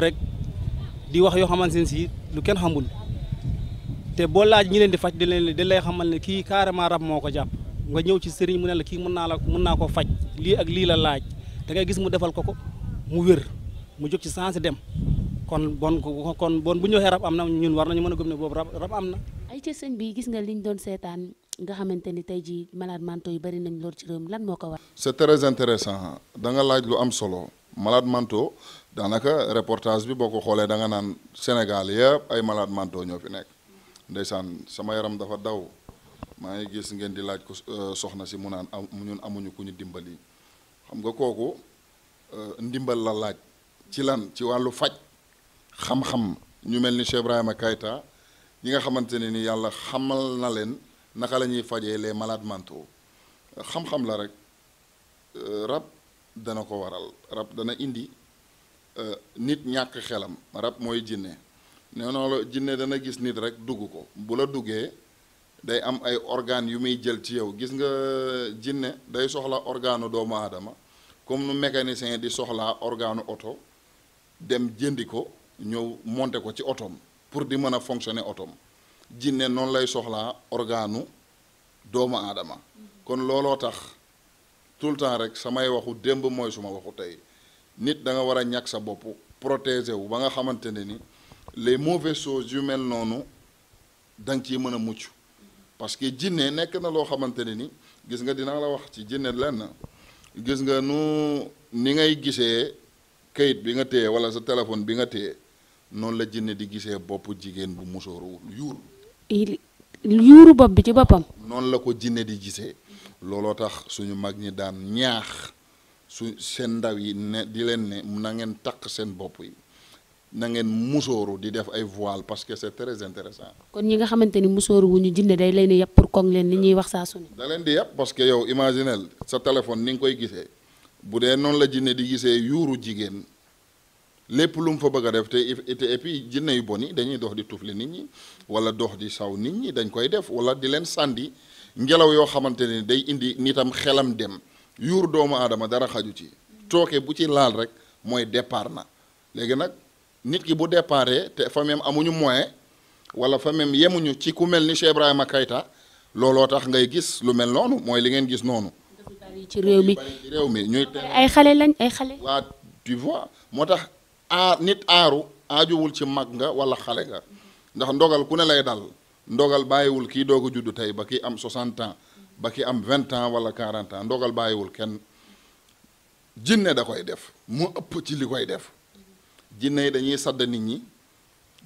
rek di wax yoo xamante ne si lu kenn xamul te boo laaj ñi leen di faj di leen di lay xamal ne kii carrément rab moo ko jàpp nga ñëw ci sëriñ mu ne la kii mën naa la mun naa ko faj lii ak lii la laaj da ngay gis mu defal ko ko mu wér mu jóg ci sens dem kon bon kon bon bu ñu xee rab am na ñun war nañu mën a gëm ne boobu rab rab am na. ay ca sëñ bi gis nga liñ doon seetaan nga xamante ni tey jii malades mentaux yu bari nañ lool ci réew lan moo ko war. sa très intéressant da nga lu am solo. malade Manto, danaka reportage bi boko ko da nga nan Sénégal yëpp ay malade Manto ño fi nek ndaysan sama yaram dafa daw ma ngay gis ngeen di laaj euh, soxna si mu nan ñun amuñu ku dimbali xam nga koku euh, ndimbal la laaj ci lan ci walu fajj xam-xam ñu melni Cheikh Ibrahima kayta yi nga xamanteni ni yalla xamal na len naka la fajé les malades manto xam-xam la rek euh, rab dana ko waral rab dana indi eh, nit ñàkk xelam rab mooy jinne nee jinne dana gis nit rek dugg ko bu la duggee day am ay organes yu muy jël ci yow gis nga eh, jinne day soxla organu doomu aadama comme nu mécanicien di soxlaa organu oto dem jëndi ko ñëw monter ko ci otoom pour di mën a fonctionner otoom jinne noonu lay soxlaa organu doomu aadama mm-hmm. kon looloo tax tout le temps rek samay waxu démb mooy suma waxu tey nit danga war a ñàkk sa bopp protéger wu ba nga xamante ne ni les mouve choses yu mel noonu da nga ciy mën a mucc parce que jinne nekk na loo xamante ne ni gis nga dinaa la wax ci jinne lenn gis nga nu ni ngay gisee kayit bi nga téye wala sa téléphone bi nga téye noonu la jinne di gisee bopp jigéen bu musóoruwul yuur yuuru bopp bi ci boppam noonu la ko jinne di gisee looloo tax suñu mag ñi daan ñaax su seen ndaw yi di leen ne na ngeen takk seen bopp yi na ngeen di def ay voile parce que c'est très intéressant kon ñi nga xamante ni musóoru wu ñu jinne day leen yàpp pour koŋ leen ni ñuy wax saa su da leen di parce que yow imaginel sa téléphone ni nga koy gisee bu dee la jinne di gisee yuuru jigen lépp lu mu fa bëgg def te te et puis jinne yu dañuy dox di tufli nit ñi wala dox di saw nit ñi dañ koy def wala di leen sàndi ngelaw yoo xamante ni day indi nitam xelam dem yuur doomu aadama dara xaju ci tooke bu ci laal rek mooy départ na léegi nag nit ki bu départee te fa même amuñu moyen wala fa même yemuñu ci ku mel ni Cheikh Ibrahima kayta looloo tax ngay gis lu mel noonu mooy li ngeen gis noonu. ci réew mi ñuy. ay xale lañ ay xale. waa tu vois moo tax aar nit aaru aajowul ci mag nga wala xale nga ndax ndogal ku ne lay dal. ndogal bàyyiwul kii doog a judd tey ba ki am 60 ans ba ki am vingt ans wala 40 ans ndogal bàyyiwul kenn jinne da koy def mu ëpp ci li koy def jinne yi dañuy sadd nit ñi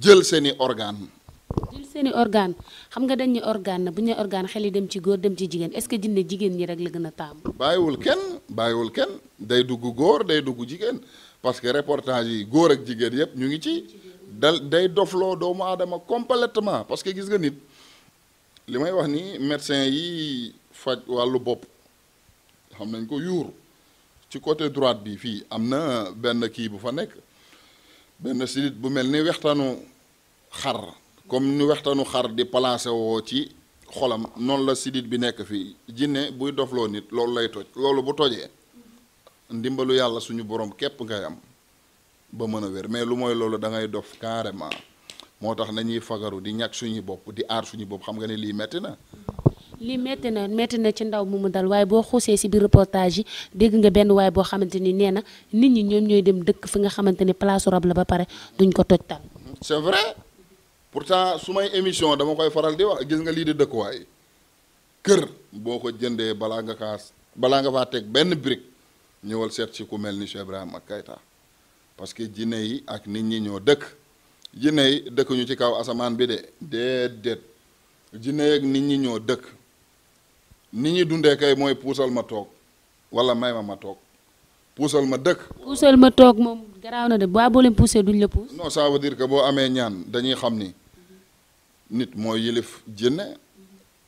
jël seeni organe jël seeni organe xam nga dañ ne organe na bu ñu organe xel yi dem ci góor dem ci jigéen est-ce que jinne jigéen ñi rek la gën a taamu bàyyiwul kenn bàyyiwul kenn day dugg góor day dugg jigéen parce que reportage yi góor ak jigéen yépp ñu ngi ci day doflo doomu adama complètement parce que gis nga nit limay wax ni médecin yi faj walu bop xam nañ ko yuur ci côté droite bi fi am ben ki bu fa nek ben sidit bu melni comme ni wextanu xar di placer wo ci xolam non la sidit bi nek fi jinne buy doflo nit lay toj bu ndimbalu suñu borom ba mën a wér mais lu mooy loolu dangay ngay dof carrément moo tax nañuy fagaru di ñàkk suñu bopp di aar suñu bopp xam nga ne lii metti na. lii metti na metti na ci ndaw mu mu dal waaye boo xuusee si biir reportage yi dégg nga benn waaye boo xamante ni nee na nit ñi ñoom ñooy dem dëkk fi nga xamante ni place rab la ba pare duñ ko toj tal. c'est vrai pourtant su may émission dama koy faral di wax gis nga lii di dëkkuwaay kër boo ko jëndee balaa nga kaas balaa nga faa teg benn brique ñëwal seet si mel ni Cheikh Ibrahima Keita parce que jinne yi ak nit ñi ñoo dëkk jinne yi dëkkuñu ci kaw asamaan bi de déedéet jinne yi ak nit ñi ñoo dëkk nit ñi dundee kay mooy puusal ma toog wala may ma ma toog puusal ma dëkk. puusal ma toog moom garaaw na de boo leen poussé duñ la pousse. non ça veut dire que boo amee ñaan dañuy xam ni nit mooy yilif jinne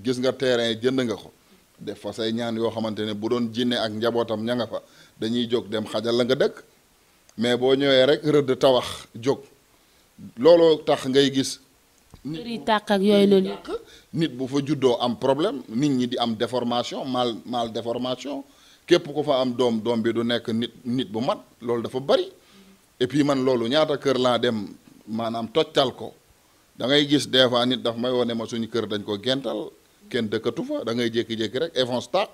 gis nga terrain jënd nga ko def fa say ñaan yoo xamante ne bu doon jinne ak njabootam ña nga fa dañuy jóg dem xajal la nga dëkk. mais boo ñëwee rek rëdd tawax jóg looloo tax ngay gis. nit tàq ak yooyu noonu nit bu fa juddoo am problème nit ñi di am déformation mal mal déformation képp ku fa am doom doom bi du nekk nit nit bu mat loolu dafa bari et puis man loolu ñaata kër laa dem maanaam toccal ko da ngay gis des fois nit daf may wone ma suñu kër dañ ko gental kenn dëkkatu fa da ngay jékki-jékki rek évance tàq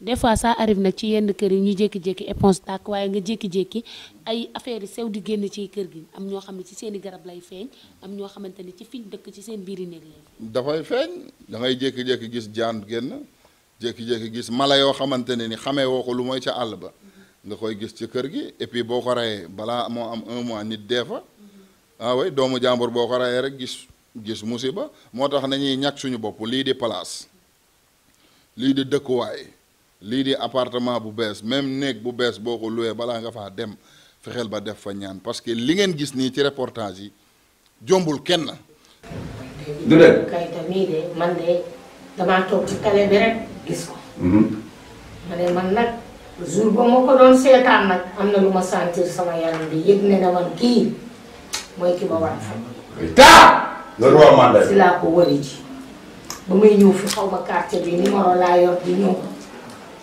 des fois ça arrive nag ci yenn kër yi ñu jékki-jékki éponge tàkk waaye nga jékki-jékki ay affaires yi sew di génn ci kër gi am ñoo xam ne ci seen garab lay feeñ am ñoo xamante ne ci fiñ dëkk ci seen biir yi néeg lay dafay feeñ da jékki-jékki gis jaan génn jékki-jékki gis mala yoo xamante ne ni xamee woo ko lu mooy ca àll ba nga koy gis ci kër gi et puis boo ko reyee balaa moo am un mois nit dee fa mm-hmm. ah doomu jàmbur boo ko reyee rek gis gis musiba moo tax nañuy ñàkk suñu bopp lii di place lii di dëkkuwaay lii de appartement bu bees même néeg bu bees boo ko loué balaa nga fa dem fexeel ba def fa ñaan parce que li ngeen gis nii ci reportage yi jombul kenn. du dee kayita mii de man de damaa toog ci télé bi rek gis ko. Mhm. ma man nag jour ba ma ko doon seetaan nag am na lu ma sentir sama yaram bi yëg ne na man kii mooy ki ma war a fam. taa. loolu waa Manda. si laa ko wari ji ba may ñëw fi xaw ma quartier bi numéro laa yor di ñëw.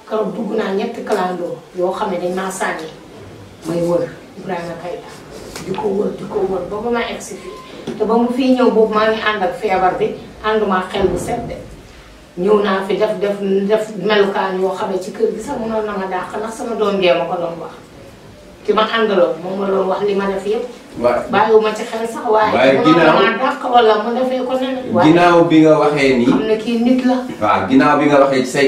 kaw dugg naa ñetti kalandoo yo xam ne dañ maa sànni may wër Ibrahima Kayta di ko wër di ko wër ba ba ma egsi fi te ba mu fi ñëw ma ngi ak bi xel bu set de na fi def def def melukaan yo xam ci kër gi sax na ma dàq ndax sama doom jee ma ko doon wax ki ma àndaloon moom ma doon wax li ma def yëpp bàyyiwu ma ci xel sax waaye ginnaaw ma dàq wala mu ko bi nga nit la waaw ginnaaw bi nga waxee ci say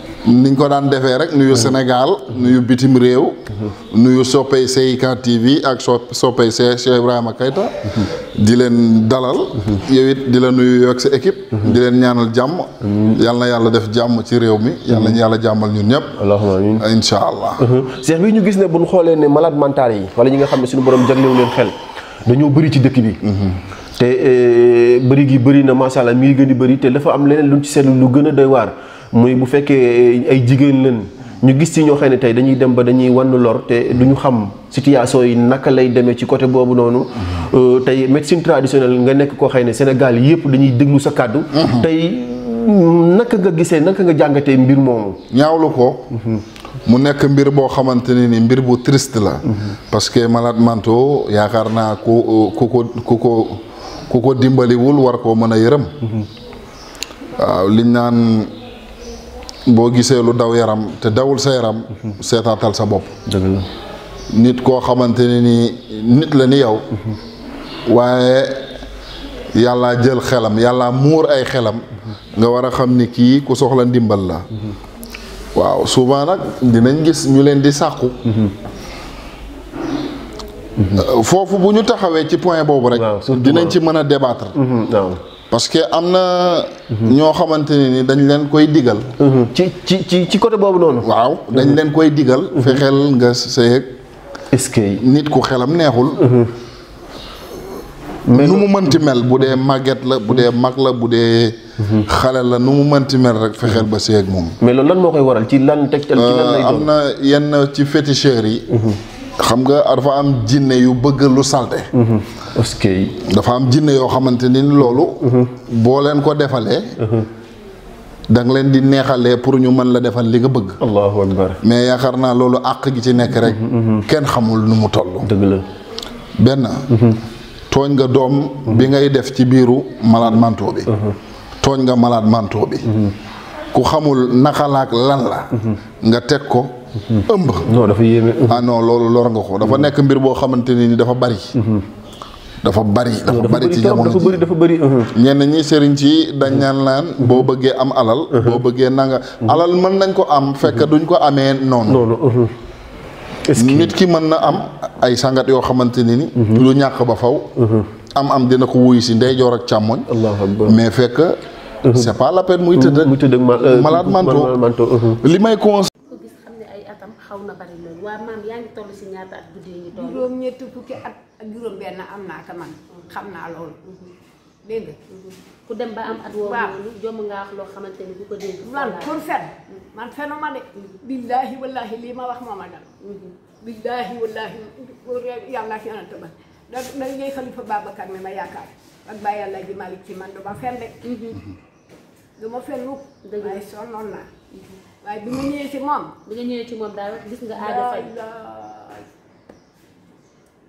niñ ko daan défé rek nuyu mm-hmm. Sénégal nuyu bitim réew mm-hmm. nuyu soppey ka TV ak Sopay Cheikh Ibrahima Kayta mm-hmm. di len dalal yewit di la nuyu ak sa équipe di len ñaanal jamm yalla yalla def jamm ci réew mi yalla ñu yalla jammal ñun ñep allahumma Cheikh bi ñu gis né buñ xolé né malade mental yi wala ñi nga xamné suñu borom jagnew leen xel dañu bëri ci dëkk bi te eh, bëri gi bëri na macha allah mi gëni bëri té dafa am leneen luñ ci sétlu lu gëna doy waar muy bu fekkee eh, ay jigéen lañ ñu gis ci ñoo xam ne tey dañuy dem ba dañuy wann lor te du ñu xam situation yi naka lay demee ci côté boobu noonu mm-hmm. euh, tey médecine traditionnelle nga nekk koo xam ne Sénégal yëpp dañuy déglu sa kàddu mm-hmm. tey mm, naka nga gisee naka nga jàngatee mbir moomu ñaawlu ko mm-hmm. mu nekk mbir boo xamante ne ni mbir bu triste la parce que malade mentaux yaakaar naa ku euh, ku ko ku ko ku ko dimbaliwul war koo mën a yërëm waaw liñ naan boo gisee lu daw yaram te dawul sa yaram seetaatal sa bopp dëgg nit koo xamante ne ni nit la ni yow waaye yàllaa jël xelam yàlla muur ay xelam nga war a xam ni kii ku soxla ndimbal la waaw souvent nag dinañ gis ñu leen di sàkku mhm. foofu bu ñu taxawee ci point boobu rek dinañ ci mën a débattre mhm, parce que am na. ñoo xamante ne ni dañ leen koy digal. Mhm. ci ci ci ci côté boobu noonu. waaw dañ mhm. leen koy digal. Mhm. fexeel nga sëyeeg. est-ce que nit ku xelam neexul. mais nu mu mënti mel bu dee màgget la bu dee mag la bu dee. xale la nu mu mënti mel rek fexeel ba sëyeeg moom. mais loolu lan moo koy waral ci lan teg ci lan lay euh, doon am na yenn ci féticheurs yi. xam nga dafa am jinne yu bëgg lu salte est-ce mhm. que dafa am jinne yoo xamante ni loolu mhm. boo leen ko defalee mhm. da leen di neexalee pour ñu mën la defal li nga bëgg allahu akbar mais yaakaar naa loolu àq gi ci nekk rek kenn xamul nu mu toll dëgg la benn tooñ nga doom bi ngay def ci biiru malade manto bi tooñ nga malade manto bi ku xamul naka la lan la nga teg ko ëmb non dafa yéeme ah non lolu lor nga ko dafa nek mbir bo xamanteni ni dafa bari dafa bari dafa bari ci jamono dafa bari dafa bari uh-huh. ñen ñi sëriñ ci dañ ñaan laan bo bëgge am alal uh-huh. bo bëgge nanga alal mën nañ ko am fekk uh-huh. duñ ko amé non noonu nit ki mën na am ay sangat yo xamanteni ni lu ñak ba faw am am dina ko ci ndey jor ak chamoy mais fekk c'est pas la peine muy teud malade manto limay xaw na bari loolu waaye maam yaa ngi toll si ñaata at guddee ñu toll. ñetti fukki at ak juróom benn am naa ka man xam naa loolu dégg ku dem ba am at woo noonu jomm nga wax loo xamante ni bu ko dégg man fenu ma de billaahi wallaahi lii ma wax moo ma dal billaahi wallaahi yàlla ak yonent ba mi ma yaakaar ak Baay ci man du ma fen de mhm. du ma fen lu waaye sonnoon naa waaye bi mu ñëwee ci moom ci moom daal gis nga aada fay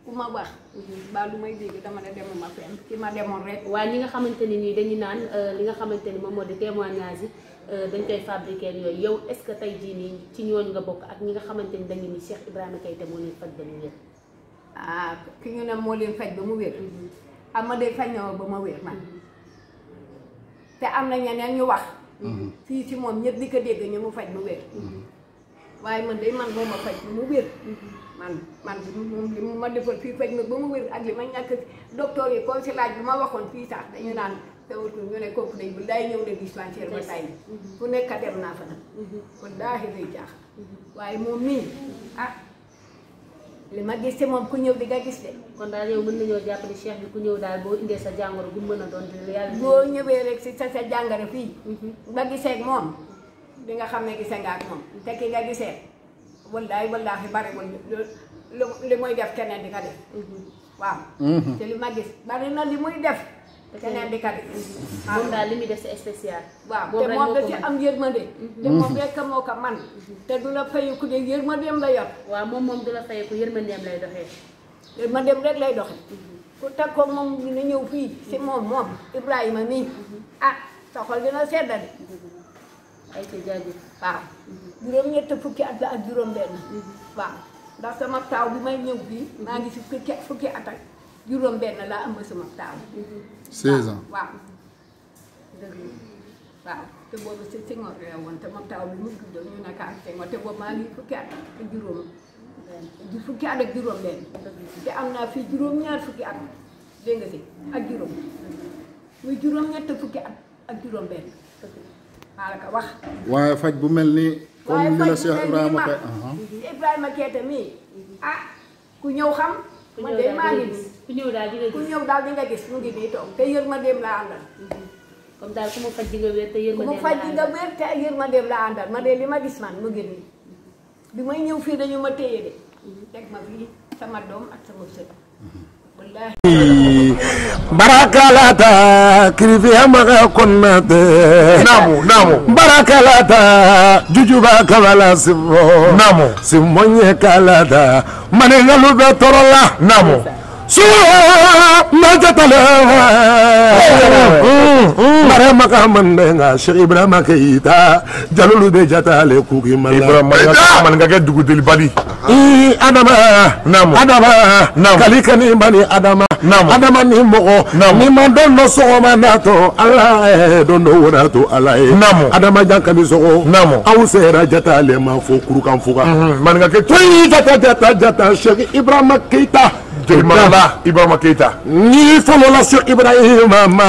ku ma wax mhm. ba lu may dégg dama ne demuma fenn ki ma demoon rek waaye ñi nga xamante ni nii dañu naan euh, li nga xamante ni moom moo di témoignage yi euh, dañ koy fabriquer yooyu yow est ce que tey jii nii ci ñooñu nga bokk ak ñi nga xamante ni dañu ni Cheikh kay Keita moo leen faj ba mu wér ah ki ñu ne mhm. ma de faj na ba ma wér man mhm. te am na ñeneen ñu wax Ừ. Ừ. thì thì mồm nhất đi cái điện thì nhưng mà phải nó biết vài mình đấy mình mồm mà phải nó biết phải man man defal fii faj nag ba mu wér ak li ma ñàkk docteur yi ko si laaj bi ma waxoon fii sax dañu naan tewut ñu ne đây day day ñëw ne dispensaire ba tay cũng fu nekk dem naa fa nag kon daaxi day jaax waaye moom mì ừ. à li ma gis ci moom ku ñëw di nga gis de. kon daal yow mën nañoo jàpp ni cheikh bi ku ñëw daal boo indee sa jàngoro bu mën a doon di yàlla. boo ñëwee rek si sa sa jàngoro fii. ba mhm. gisee ak moom di nga xam ne gisee nga ak moom te ki nga gisee wallaay wallaahi bariwul li muy def keneen di nga def. Mhm. waaw. Mhm. te li ma gis bari na li muy def. keneen di kari moom daal li muy def si spécial waaw te moom da ci am yërmande te mm-hmm. moom rekk moo ko man te du la fayeku de yërmandeem la yor waaw moom moom du la fayeku yërmandeem lay doxee yërmandeem rek lay doxe ku teg ko moom dina ñëw fii si moom moom Ibrahima mii mm-hmm. ah sa xol dina seddale mm-hmm. ay ca jaajëf waaw juróom-ñett fukki at la ak juróom benn waaw ndax sama taaw bi may ñëw fii maa ngi si fukki fukki juróom benn laa ëmb sama taaw. 16 ans waaw dëgg waaw te boobu si Senghor la woon te moom taaw bi mu juddoon ñu nekk ak Senghor te boobu maa ngi fukki at ak juróom di fukki at ak juróom benn te am naa fii juróom ñaar fukki at dégg nga si ak juróom muy juróom ñett fukki at ak juróom benn maa la wax. waaye faj bu mel ni. comme li la Cheikh Ibrahima Keita Ibrahima Keita mii ah ku ñëw xam. man de maa ngi ku ñëw daal di nga gis ku ñëw daal nga gis mu ngi a toog te yër ma dem la àndal comme daal ku ma faj di wér te yër ma dem la àndal ku ma faj ma dem la àndal ma de li ma gis man mu ngi nii bi may ñëw fii dañu ma téye de ma fii sama doom ak sama sët barakalata kirifiya maga konnate namu namu barakalata jujuba kabala simbo namu simbo ɲɛ kalata maningalu bɛ tɔɔrɔ la namu marama ka mande nga Cheikh Ibrahima Keita jalolu be jatale kuki mala Ibrahima man nga dugu deli bali adama namu adama namu kali kani bani adama namu adama ni mogo ni ma don no sogo ma nato ala e don no wona to ala e namu adama jankani sogo namu aw sera jatale ma fo kurukan fuka man nga ke toyi jata jata jata Cheikh Ibrahima Keita Keita. Ibrahima Keita. ñii falola lá, Ibrahima ma.